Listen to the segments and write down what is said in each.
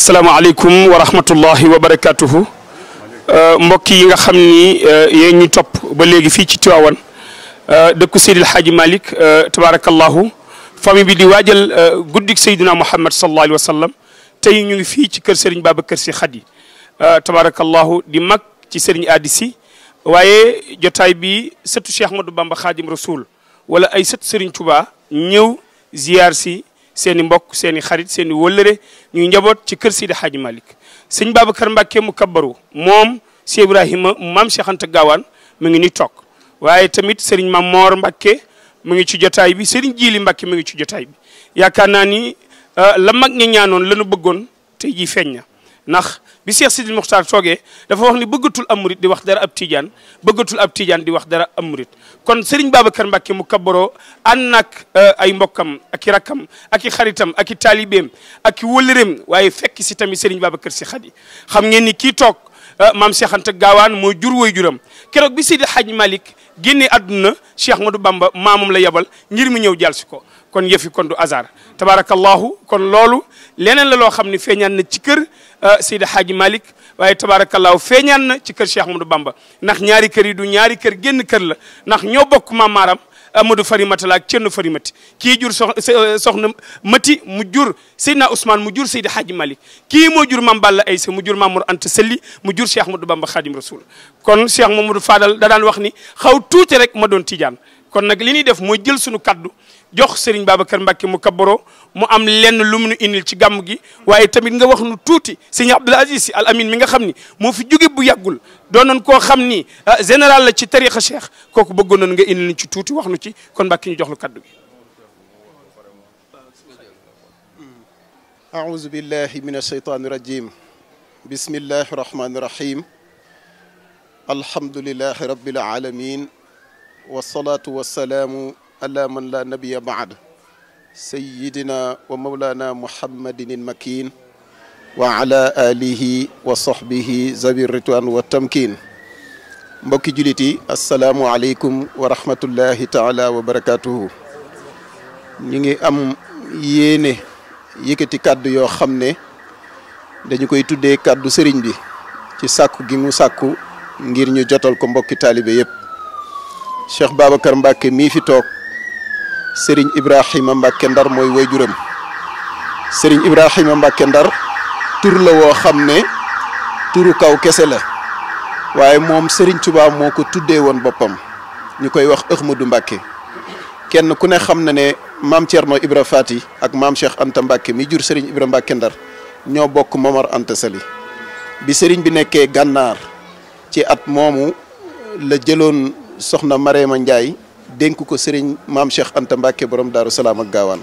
salaamaaleykum wa rahmatullahi wa barakaatuhu euh, mbokk yi nga xam ni euh, yéen ñu topp ba léegi fii ci Tiwaawan euh, dëkku Seydil Hadji Malick tabaarakallahu famille bi di waajal guddik Seydina Muhammad sallallahu alayhi wa sallam tey ñu ngi fii ci kër Serigne Babacar Sy Khady tabaarakallahu di mag ci Serigne Adi si waaye jotaay bi sëtu Cheikh Ahmadou Bamba Khadim Rasoul wala ay sëtu Serigne Touba ñëw ziyaar si. seen i mbokk seen i xarit seen i wëllëre ñuy njaboot ci kër Sidi Hadji Malick sëñ Babacar Mbacke mu kabbaru moom si Ibrahima maam Cheikh Anta Gaawaan mu ngi ni toog waaye tamit sëriñ Mam Moor Mbacke mu ngi ci jotaay bi sëriñ Jiili Mbacke mu ngi ci jotaay bi yaakaar naa ni euh, la mag ñi ñaanoon la nu bëggoon tey jii feeñ na ndax bi Cheikh Sidil Muxtaar toogee dafa wax ni bëggatul am murit di wax dara ab tijan bëggatul ab tijaan di wax dara am murit kon Serigne Babacar Mbacke mu kabbaroo ànd nag eh, ay mbokkam ak i rakkam ak i xaritam aki i taalibeem ak i wëllëreem waaye fekk si tamit Serigne Babacar si xadi xam ngeen ni kii toog. Eh, maam Cheikh Anta Gaawaan moo jur woy juram keroog bi Seydi malik Malick génne àdduna Cheikh du Bamba maamam la yebal njir mu ñëw jàll si ko kon yëf kon du hasard tabaarakallahu kon loolu leneen la loo xam ne feeñaan na ci kër eh, Seydi Hadj Malick waaye tabaarakallahu feeñaan na ci kër Cheikh Madou Bamba ndax ñaari kër yi du ñaari kër génn kër la ndax ñoo bokk maam Amadou Farimata la ak Thierno Farimati kii jur euh, soxna Mati mu jur Seydina Ousmane mu jur Seydi Hadji Malick kii moo jur Mame Balla Aïssa mu jur Mamour Anta Selli mu jur seex Cheikh Ahmadou Bamba Khadim Rasoul kon Cheikh du Fadal da daan wax ni xaw tuuti rek ma doon tijaan kon nag li ñuy def mooy jël suñu kaddu jox Serigne Babacar Mbacke mu kabbaro mu am lenn lu mu indil ci gàmm gi waaye tamit nga wax nu tuuti Serigne Abdoul Aziz mi nga xam ni moo fi jóge bu yàggul doonoon koo xam ni ah, général la ci tarixa cheikh kooku bëggoon nga indil nu ci tuuti wax nu ci kon Mbacke ñu jox lu kaddu gi أعوذ ala man la nabiya baad sayidina wa maulana muhammadin ilmakin wa ala alihi wa sahbihi zabir ritwan wa tamkin mbokki jullit yi asalaamualeykum wa rahmatullahi taala wa barakatuhu ñu ngi am yéene yëkkati kàddu yoo xam ne dañu koy tuddee kàddu sëriñ bi ci sàkku gi mu sàkku ngir ñu jotal ko mbokki taalibe yépp Cheikh Babacar Mbacke mii fi toog Serigne Ibrahima Mbacke Ndar mooy woy waajuram Serigne Ibrahima Mbacke Ndar tur la woo xam ne turu kaw kese la waaye moom Serigne Touba moo ko tuddee woon boppam ñu koy wax Ahmadou Mbacke kenn ku ne xam na ne maam moo Ibra Fati ak maam Cheikh Anta Mbacke mi jur Serigne Ibra Mbacke Ndar ñoo bokk Momar Anta Sali bi Serigne bi nekkee gànnaar ci at moomu la jëloon soxna Marema Ndiaye. dénk ko sëriñ maam Cheikh Anta Mbacke borom Daaru Salaam ak gaawaan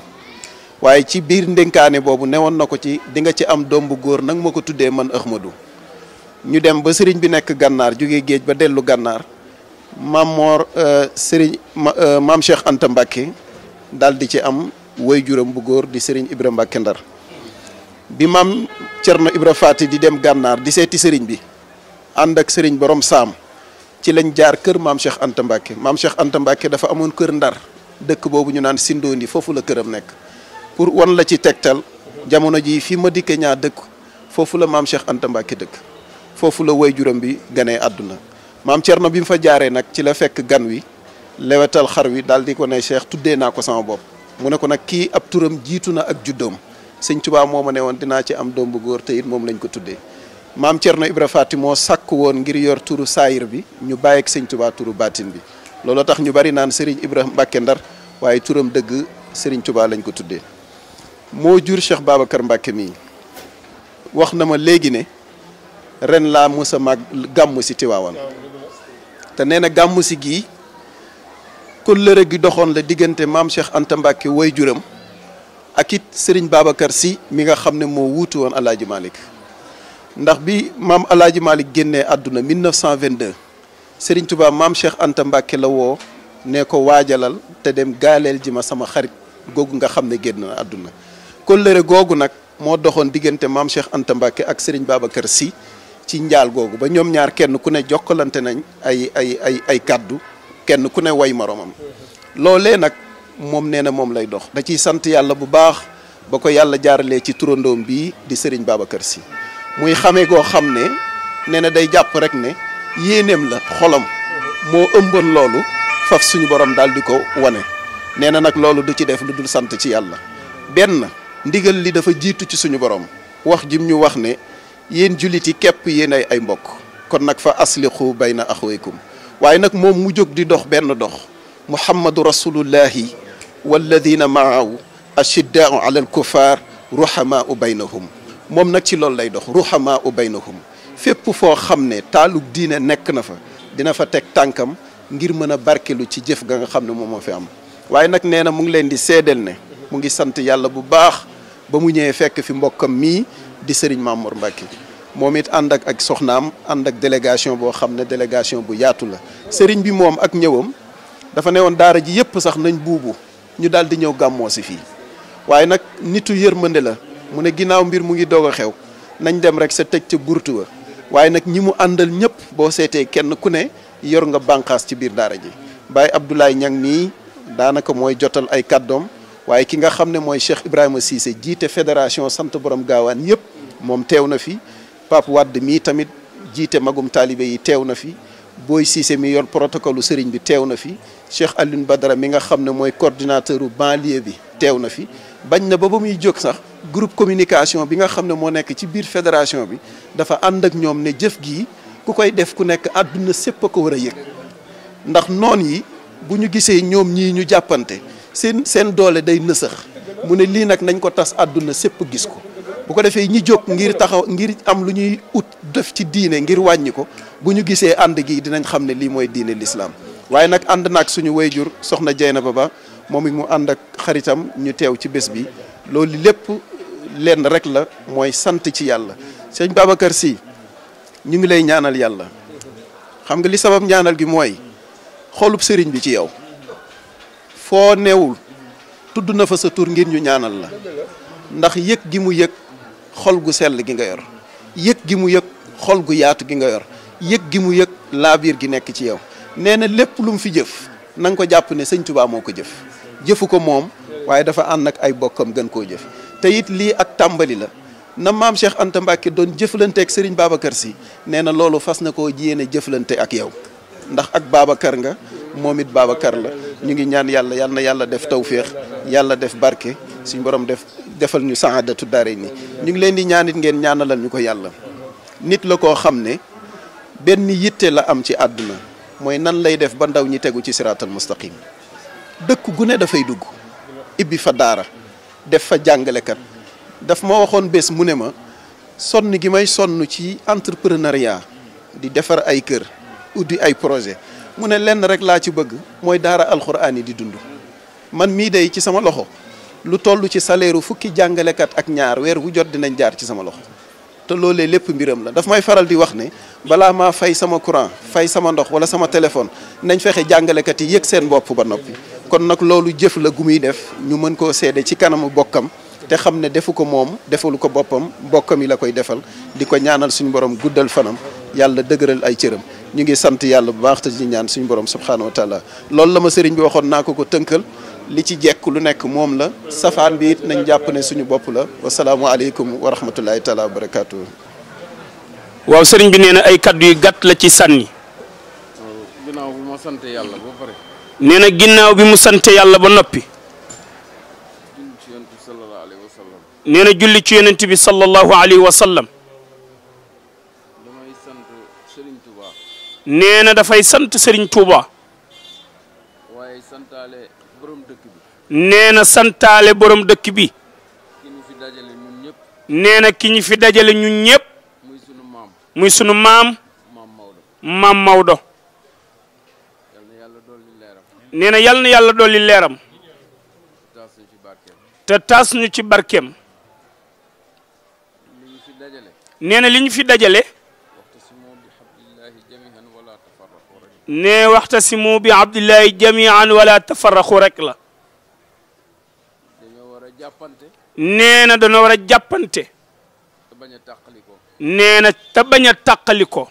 waaye ci biir ndénkaane boobu newoon na ko ci di nga ci am doom bu góor nag ma ko tuddee man Ahmadou ñu dem ba sëriñ bi nekk gànnaar jóge géej ba dellu gànnaar maam Mor euh, sëriñ euh, maam Cheikh Anta Mbacke daal di ci am woy juram bu góor di sëriñ Ibra Mbacke Ndar bi maam Cerno Ibra Faati di dem gànnaar di seeti sëriñ bi ànd ak sëriñ boroom saam ci lañ jaar kër maam Cheikh Anta Mbacke maam Cheikh Anta dafa amoon kër ndar dëkk boobu ñu naan yi foofu la këram nekk pour wan la ci tegtal jamono jii fii ma dikke ñaa dëkk foofu la maam Cheikh Anta dëkk foofu la woy juróom bi ganee àdduna maam Thierno bi mu fa jaaree nag ci la fekk gan wi lewetal xar wi daal di ko ne Cheikh tuddee naa ko sama bopp mu ne ko nag kii ab turam jiitu na ak juddoom sëñ Tuubaa moo ma ne woon dinaa ci am doom bu góor te it moom lañ ko tuddee maam Thierno Ibra Faty moo sàkk woon ngir yor turu saayir bi ñu bàyyi ak sëñ turu baatin bi looloo tax ñu bari naan Serigne Ibra Mbacke Ndar waaye turam dëgg Serigne tubaa lañ ko tuddee moo jur Cheikh Babacar Mbacke mii wax na ma léegi ne ren laa mës a mag gàmmu si Tiwaawan te nee na gàmmu si gii kóllëre gi doxoon la diggante maam Cheikh Anta Mbacke way juram ak it Serigne Babacar si mi nga xam ne moo wuutu woon El Hadj ndax bi maam El Hadj Malick génnee àdduna 1922 Serigne Touba maam Cheikh Anta la woo ne ko waajalal te dem gaaleel ji ma sama xarit googu nga xam ne génn na àdduna kóllëre googu nag moo doxoon diggante maam Cheikh Anta Mbacke ak Serigne Babacar Sy ci njaal googu ba ñoom ñaar kenn ku ne jokkalante nañ ay ay ay ay kàddu kenn ku ne woy moroomam loolee nag moom nee na moom lay dox da ciy sant yàlla bu baax ba ko yàlla jaaralee ci turandoom bii di Serigne Babacar si muy xame koo xam ne nee na day jàpp rek ne yéeneem la xolam moo ëmboon loolu faf suñu borom daal di ko wane nee na nag loolu du ci def lu dul sant ci yàlla benn ndigal li dafa jiitu ci suñu borom wax jim ñu wax ne yéen jullit yi képp yéen ay mbokk kon nag fa asliqu bayna axwaykum waaye nag moom mu jóg di dox benn dox muhammadu rasulullahi walladina maahu ashiddaau ala alkuffar ruhamaau baynahum moom nag ci loolu lay dox ruhamaa na baynahum fépp foo xam ne taalug diine nekk na fa dina fa teg tànkam ngir mën a barkelu ci jëf ga nga xam ne moom moo fi am waaye nag nee na mu ngi leen di seddal ne mu ngi sant yàlla bu baax ba mu ñëwee fekk fi mbokkam mii di Serigne Mamour Mbacke moom it ànd ak ak soxnaam ànd ak délégation boo xam ne délégation bu yaatu la Serigne bi moom ak ñëwam dafa ne woon daara ji yëpp sax nañ buubu ñu daal di ñëw gàmmoo si fii waaye nag nitu yërmande la mu ne ginnaaw mbir mu ngi doog a xew nañ dem rek sa tëj ca gurtu wa waaye nag ñi mu àndal ñëpp boo seetee kenn ku ne yor nga bànqaas ci biir daara ji Baye Abdoulaye Niang mii daanaka mooy jotal ay kàddoom waaye ki nga xam ne mooy Cheikh Ibrahima Cissé jiite fédération sant borom gaawaan yëpp moom teew na fi Pape wàdd mii tamit jiite magum taalibe yi teew na fi booy Cissé mi yor protocole sëriñ bi teew na fi Cheikh Alioune Badara mi nga xam ne mooy coordinateur u banlieue bi teew na fi bañ na ba ba muy jóg sax groupe communication bi nga xam ne moo nekk ci biir fédération bi dafa ànd ak ñoom ne jëf gi ku koy def ku nekk àdduna sépp a ko war a yëg ndax noon yi bu ñu gisee ñoom ñii ñu jàppante seen seen doole day nësax mu ne lii nag nañ ko tas àdduna sépp gis ko bu ko defee ñi jóg ngir taxaw ngir am lu ñuy ut def ci diine ngir wàññi ko bu ñu gisee ànd gi dinañ xam ne lii mooy diine lislaam waaye nag ànd ak suñu wayjur soxna Dieynaba Ba moom it mu ànd ak xaritam ñu teew ci bés bi loolu lépp lenn rek la mooy sant ci yàlla sëñ Babacar si ñu ngi lay ñaanal yàlla xam nga li sabab ñaanal gi mooy xolub sëriñ bi ci yow foo neewul tudd na fa sa tur ngir ñu ñaanal la ndax yëg gi mu yëg xol gu sell gi nga yor yëg gi mu yëg xol gu yaatu gi nga yor yëg gi mu yëg laabiir gi nekk ci yow nee na lépp lu mu fi jëf nanga ko jàpp ne sëñ Tuubaa moo ko jëf jëfu ko moom waaye dafa ànd ak ay bokkam gën koo jëf te it lii ak tàmbali la na maam Cheikh Anta Mbacke doon jëflante ak Serigne Babacar si nee na loolu fas na koo yéene jëflante ak yow ndax ak Babacar nga moom it Babacar la ñu ngi ñaan yàlla yal na yàlla def tawféex yàlla def barke suñ borom def defal ñu saadatu daare ni ñu ngi leen di ñaan ñaanit ngeen ñaanalal ñu ko yàlla nit la koo xam ne benn yitte la am ci àdduna mooy nan lay def ba ndaw ñi tegu ci siraatal mustaqim dëkk gu ne dafay dugg ibbi fa daara def fa jàngalekat daf ma waxoon bés mu ne ma sonn gi may sonn ci entrepreneuriat di defar ay kër uddi ay projet mu ne lenn rek laa ci bëgg mooy daara alxuraan yi di dund man mii day ci sama loxo lu toll ci salaire fukki jàngalekat ak ñaar weer wu jot dinañ jaar ci sama loxo te loolee lépp mbiram la daf may faral di wax ne balaa maa fay sama courant fay sama ndox wala sama téléphone nañ fexe jàngalekat yi yëg seen bopp ba noppi kon nag loolu jëf la gu muy def ñu mën koo seede ci kanamu bokkam te xam ne defu ko moom defalu ko boppam bokkam yi la koy defal di ko ñaanal suñu borom guddal fanam yàlla dëgëral ay cëram ñu ngi sant yàlla bu baax te di ñaan suñu borom subxanahu wa taala loolu la ma sëriñ bi waxoon naa ko ko tënkal li ci jekk lu nekk moom la safaan bi it nañ jàpp ne suñu bopp la wasalaamualeykum wa rahmatullahi taala wa barakaatu. waaw sëriñ bi nee na ay kaddu yu gàtt la ci sànni. ginnaaw bu sant yàlla ba nee ginnaaw bi mu sante yàlla ba noppi nee na julli ci yonent bi sallallahu alayhi wa sallam nee na dafay sant Serigne Touba nee na santaale borom dëkk bi nee na ki ñu fi dajale ñun ñëpp muy sunu maam maam Maodo nee na yal na yàlla dolli leeram te taas ci barkeem nee na li fi dajale nee waxta si mu bi abdillahi jamian wala tafarraxu rek la nee na dana war a jàppante nee na te a tàqali ko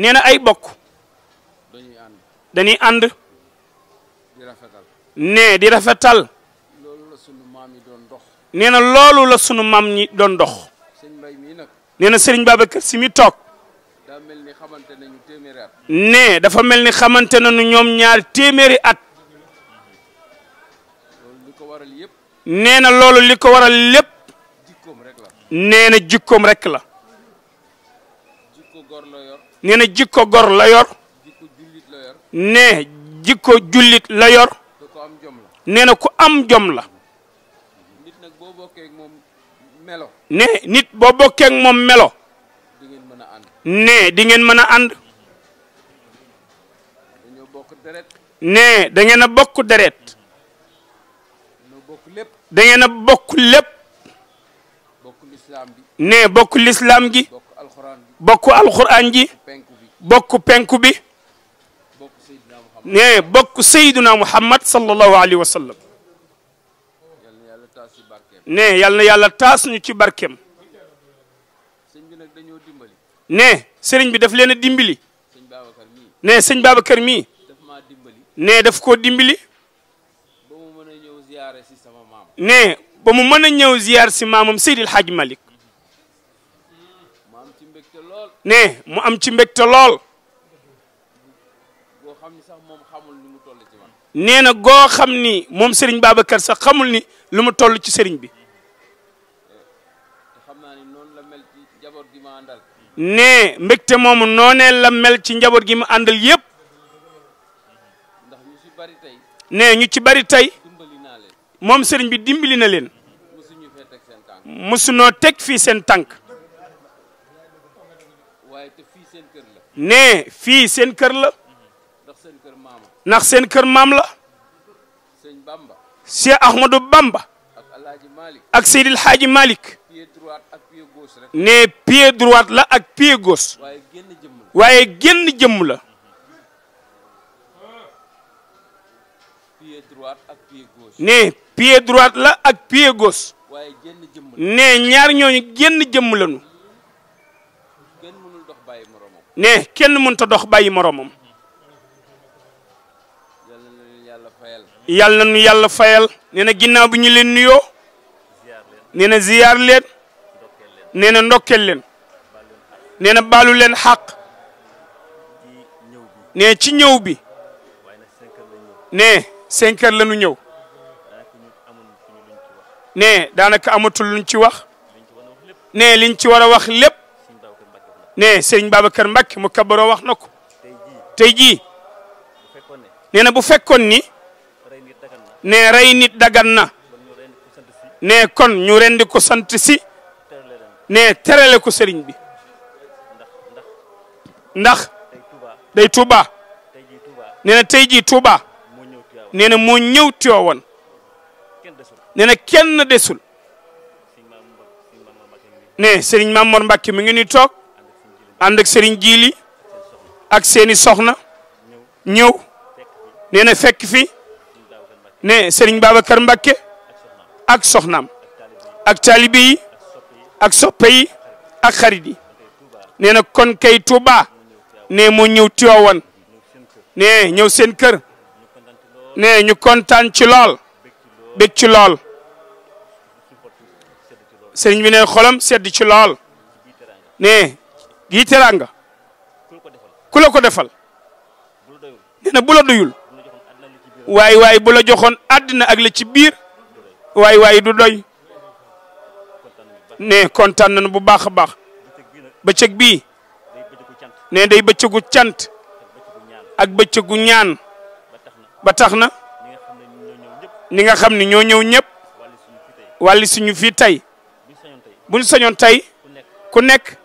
nee ay bokk dañuy ànd ne di rafetal nee na loolu la sunu maam ñi doon dox nee na sëriñ Babacar si mi toog ne dafa mel ni xamante nañu ñoom ñaar téeméeri at nee na loolu li ko waral lépp nee na jikkoom rek la nee na jikko gor la yor ne jikko jullit la yor nee na ku am jom la ne nit boo bokkee moom melo ne di ngeen mën a ànd ne da ngeen a bokk deret da ngeen a bokk lépp ne bokk lislaam gi bokk alxuraan ji bokk penku bi ne bokk sayduna muhammad sallallahu alayhi wa sallam ne yal na yàlla taas ñu ci barkeem ne sëriñ bi def leen a dimbali ne sëñ Babacar mii ne def koo dimbali ne ba mu mën a ñëw ziyaar si maamam Seydil Hadj Malick ne mu am ci mbégte lool nee na goo xam ni moom Serigne Babacar sax xamul ni lu mu toll ci sëriñ bi. nee mbégte moomu noonee la mel ci njaboot gi mu àndal yépp nee ñu ci bari tey moom sëriñ bi dimbali na leen mosunoo teg fii seen tànk nee fii seen kër la ndax seen kër maam la sëñ Bamba Cheikh Ahmadou Bamba ak Seydil Hadji Malick ne pied droite la ak pied gauche waaye génn jëmm la ne pied droite la ak pied gauche ne ñaar ñooñu génn jëmm lañu ne kenn mënta dox bàyyi moromam yàlla nu yàlla fayal nee na ginnaaw bi ñu leen nuyoo nee na ziyaar leen nee na ndokkel leen nee na baalu leen xàq nee ci ñëw bi nee cinq heures la ñu ñëw nee daanaka amatul luñ ci wax nee liñ ci war a wax lépp nee sëriñ Babacar Mbacke mu kabaroo wax na ko ji jii bu fekkoon ni ne rey nit dagan na ne kon ñu rendi ko sant si ne terale ko sëriñ bi ndax day Touba nee na tey jii Touba nee na moo ñëw Tiwaawan nee na kenn desul ne sëriñ Mamoor Mbàkke mi ngi ni toog ànd ak sëriñ Jiili ak seeni soxna ñëw nee na fekk fi ne Serigne Babacar Mbakke ak soxnaam ak taalibe yi ak soppe yi ak xarit yi nee kon kay Touba ne moo ñëw Tiwaawan ne ñëw seen kër ne ñu kontaan ci lool bég ci lool sëriñ bi ne xolam sedd ci lool ne gii teraanga ku la ko defal nee na bu waay waay bu la joxoon àddina ak la ci biir waay waay du doy ne kontaan nañu bu baax a baax bëccëg bii ne day bëccëgu cant ak bëccëgu ñaan ba tax na ñi nga xam ne ñoo ñëw ñëpp wàlli suñu fii tey buñ sañoon tey ku nekk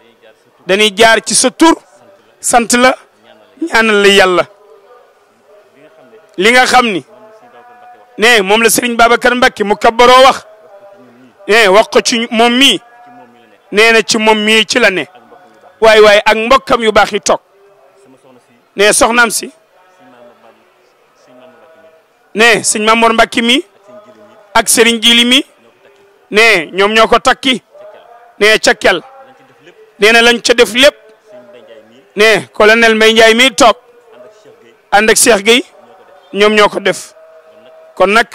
dañuy jaar ci sa sant la ñaanal la yàlla li nga xam ni ne moom la Serigne Babacar mbakki mu kabbaroo wax ne wax ko ci moom mii nee na ci moom mi ci la ne waay waay ak mbokkam yu baax yi toog ne soxnaam si ne sëñ Mamour Mbacke mi ak Serigne Jili mi ne ñoom ñoo ko takki ne cakkel nee na lañ ca def lépp ne colonel Mbaye Ndiaye mi toog ànd ak Cheikh Gueye ñoom ñoo ko def kon nag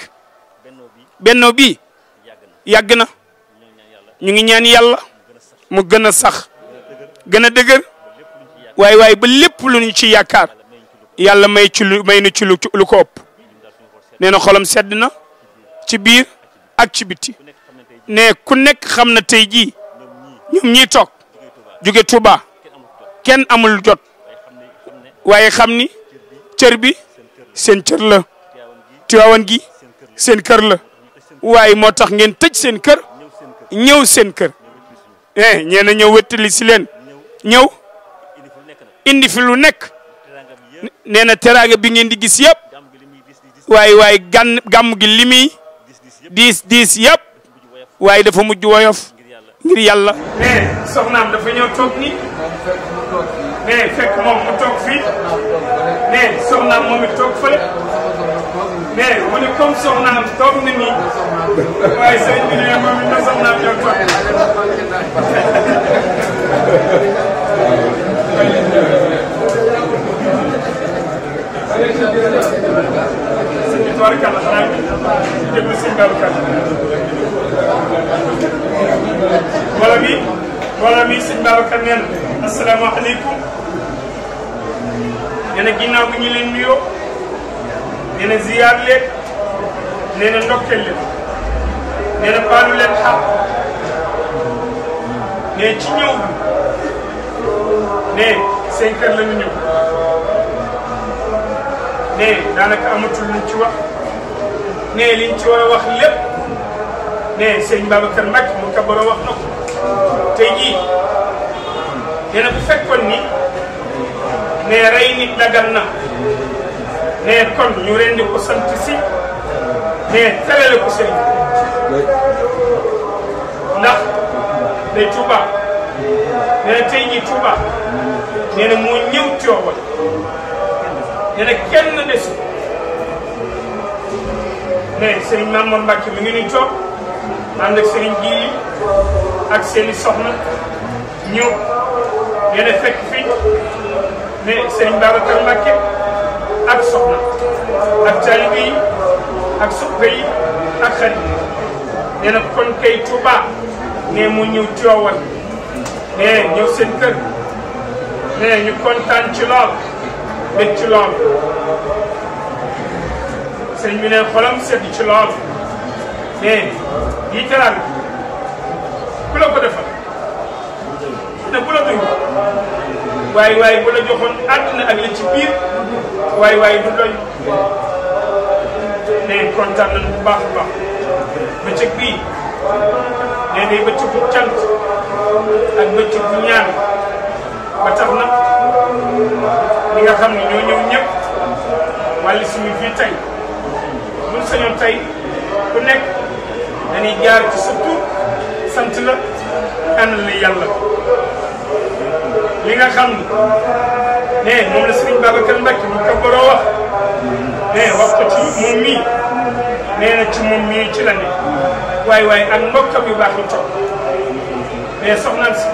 bennoo bii yàgg na ñu ngi ñaan yàlla mu gën a sax gën a dëgër waaye waaye ba lépp lu ñu ci yaakaar yàlla may ci lu may na ci lu lu ko ëpp nee na sedd na ci biir ak ci biti ne ku nekk xam na tey jii ñoom ñiy toog jóge Touba kenn amul jot waaye xam ni cër bi seen cër la Tiwaawan gi seen kër la waaye moo tax ngeen tëj seen kër ñëw seen kër eh ñee ñëw wettali si leen ñëw indi fi lu nekk nee na teraanga bi ngeen di gis yëpp waaye waaye gan gàmm gi li muy diis diis yëpp waaye dafa mujj woyof ngir yàlla. mais eh, soxnaam dafa ñëw toog ni nee fekk moom mu toog fii nee soxnaam moom it toog fële nee mu ne comme soxnaam toog na nii waaye sëñ bi nee moom it na soxnaam ñoo toog. sëñ bi kàlla xanaa ñu jëm si Babacar wala bi wala bi sëñ Babacar nee na asalaamaaleykum nee na ginnaaw bi ñu leen nuyoo nee na ziyaar leen nee baalu leen xaq nee ci ñëw bi nee seen kër la ñëw nee daanaka amatul luñ ci wax nee liñ ci war a wax lépp nee sëñ Babacar Mbacke mu kabaro wax na ko tey jii nee na ne rey nit dagan na ne kon ñu rendi ko sant si ne terale ko sëriñ ndax day nee na tey jii Touba nee na moo ñëw Tiwaawan nee na kenn desu ne sëriñ Mamour Mbacke mi ngi nuy toog ànd ak sëriñ Jili ak seeni soxna ñëw nee na fekk fi ne sëriñ Babacar Mbacke ak soxna ak taalibe yi ak soppe yi ak xarit nee na kon kay Touba ne mu ñëw Tiwaawan ne ñëw seen kër ne ñu kontaan ci lool bég ci lool sëriñ bi ne xolam sedd ci lool ne lii teraanga ku la ko defal ne bu la dugg waaye waaye bu la joxoon àdduna ak li ci biir waaye waaye du doy ne kontaan nañ bu baax a baax bëccëg bii nee nañ bëccëg bu cant ak bëccëg bu ñaan ba tax na ñi nga xam ne ñoo ñëw ñëpp wàllu suñu fii tey buñ tey ku nekk dañuy jaar ci sa sant la ànd la yàlla li nga xam ne moom la Serigne Babacar Mbacke bu ko boroo wax ne wax ko ci moom mii na ci la ne waaye waaye ak mbokkam yu baax yi toog mais soxna si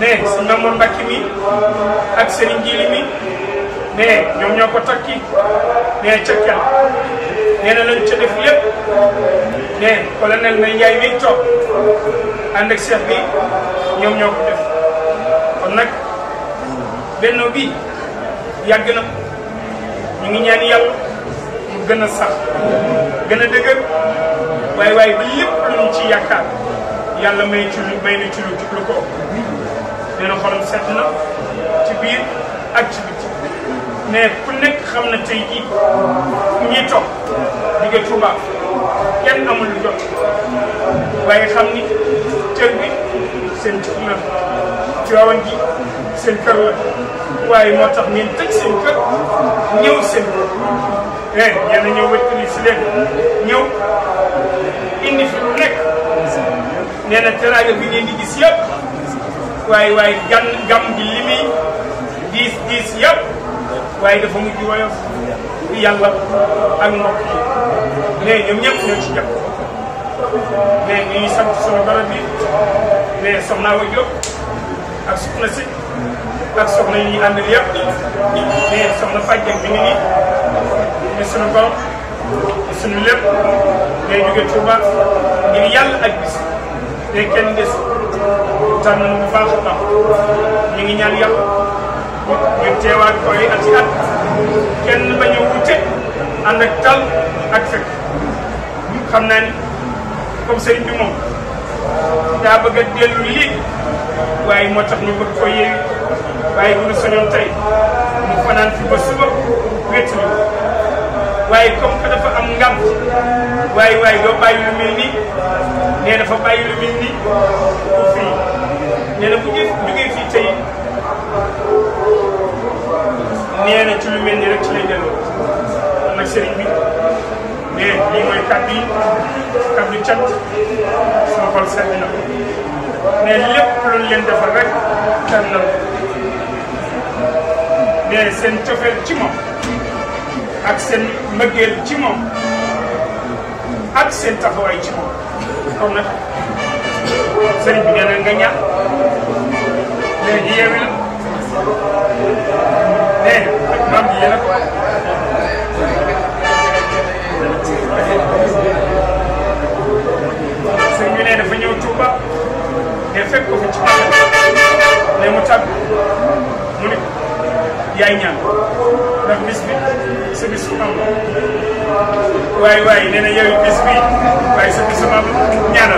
ne si Mamour Mbacke mi ak Serigne Djili mi ne ñoom ñoo ko takki ne ca kenn na lañ ca def lépp ne colonel Mbaye Ndiaye mi ngi toog ànd ak cheikh bi ñoom ñoo ko def kon nag bennoo bi yàgg na ñu ngi ñaan yàlla gën a sax gën a dëgër waaye waaye ba lépp luñ ci yaakaar yàlla may ci lu may na ci lu jublu ko dina xolam set na ci biir ak ci biti mais ku nekk xam na tey jii ñi toog digga Touba kenn amul lu jot waaye xam ni cër bi seen cër la Tiwaawan gi seen waaye moo tax ngeen tëj seen kër ñëw seen kër eh yéen a ñëw si leen ñëw indi fi lu nekk nee na teraanga bi ngeen di gis yëpp waaye waaye gan gam bi li muy diis diis waaye dafa mujj woyof yàlla ak mbokk mais ñoom ñëpp ñoo ci jàpp mais ñu ngi sant sama barab bi mais soxna Awa Diop ak soxna si ak soxna yi ñuy àndal yëpp mais soxna Fadjak bi ngi nii mais sunu borom sunu lépp day jóge Touba ngir yàlla ak bis day kenn des tànn bu baax a baax ñu ngi ñaan yàlla ñu teewaat koy at ci at kenn bañ a wuute ànd ak tal ak fekk xam naa ni comme sëriñ bi moom bëgg a dellu léegi waaye moo tax ñu bëgg ko yeewi waaye bu ñu soñoon tey mu fanaan fi ba suba wéttu ñu waaye comme que dafa am ngam waaye waaye doo bàyyi lu mel nii nee dafa bàyyi lu mel nii pour na bu ñu jógee fii tey nee na ci lu mel nii rek ci sëriñ bi ne lii mooy kàddu yi kàddu cant sama xol na ne lépp lu leen defal rek tànn ne seen cofeel ci moom ak seen mbëggeel ci moom ak seen taxawaay ci moom kon nag sëriñ bi nee na nga ñaan léegi yeewi la ne ak bi yéen a ko waaye mu tàgg mu ne yaay ñaan ndax bis bi sa bis bu waaye waaye nee na yow bis waaye sa bis ñaan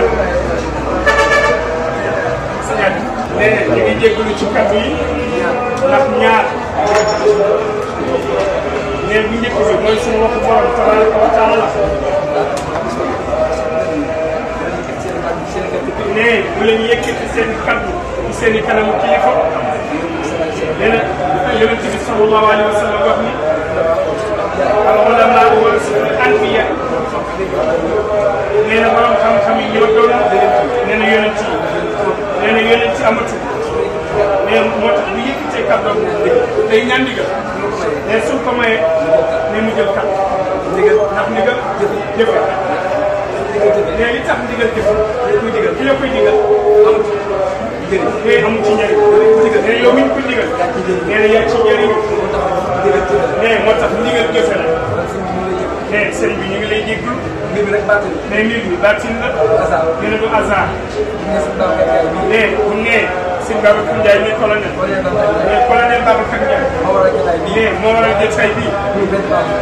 nee na ñu ngi jégalu ci kàddu yi ndax ñaar nee bu njëkk bi mooy suñu waxu ci seen i kanamu kilifa nee na yonent bi sallallahu alayhi wa sallam wax ni al ulama warasatul anbiya nee na yi ñoo doon nee na yi nee na yonent yi amatu nee na moo tax bu yëkkatee kàddoom day ñaan ndigal nee na su ko mayee ne mu jël kàddu ndigal ndax ndigal jëfe nee li tax ndigal jëfe koy digal ki la mais amu ci njëriñ nee yow mi ñu ko ndigal nee na ci njëriñ nee moo tax ndigal jëfe la nee sëriñ bi ñu ngi lay déglu mbir bi rek nee mbir bi baatin la nee nee bu nee sëñ Babacar Ndiaye nee moo waral jël say bii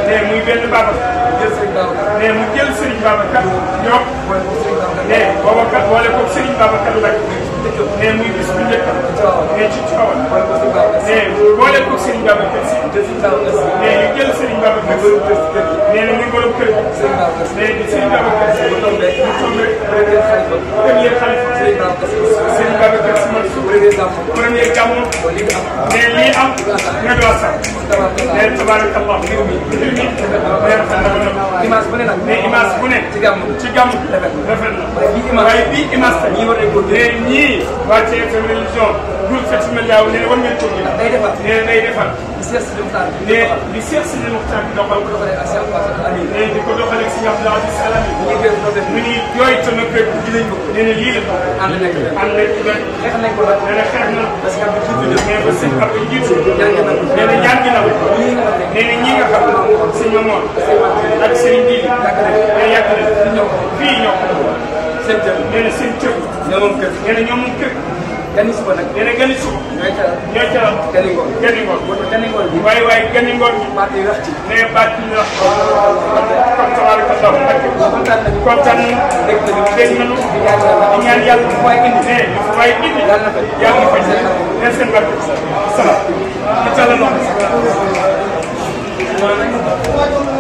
nee muy benn Babacar nee mu jël sëriñ Babacar yokk ne booba kat boole ko Serigne Babacar Mbacke ne muy bis bu njëkk ne ci Tiwaawan ne boole ko Serigne Babacar si ne ñu jël Serigne Babacar si ne na ñu borom kër ne di Serigne Babacar si mu tombe premier xalifa Serigne Babacar si man premier gàmm ne lii am nga doon sax leen tabarakallah réew mi image bu ne nag mais image bu ne ci gàmm ci gàmm rafet na waaye bii image ñii war a ñii waa TFM religion dul seet si mel yaaw nee na war ngeen koo jël. day defar nee na day defar. di seet si muxtaar bi di doxal di seet si muxtaar bi doxal. di ko doxalee ak Cheikh Abdoul Amin. nee na di ko doxalee ak Cheikh Abdoul Aziz Al Amin. ñu ngi béy problème bi mu ngi yooyu tamit béy bu ji lañ ko. nee na lii la ko. ànd nañ ko ànd nañ ko benn. xeex nañ ko nag nee na xeex na. parce que ab jiitu la nee na sëñ ab jiitu. jàngi na ko nee na jàngi na ko. ñii nga xam ne nee na ñii nga xam ne. sëñ Mamour ak sëñ Dili. yàgg na yàgg na fii ñoo ko seen cër nee na seen cër ñoo moom kër nee na ñoo moom kër gani suba nag nee na gani suba ñooy caral ñooy caral gani ngoon gani ngoon bu gani ngoon bi waaye waaye gani ngoon bi baat yi wax ci nee baat yi wax kon tabaraka allah kontaan nañu kontaan nañu dégg nañu dégg nañu di ñaan yàlla bu waay indi nee bu waay indi yàlla na faj yàlla na faj nee seen barke salaam ci tàllal loxo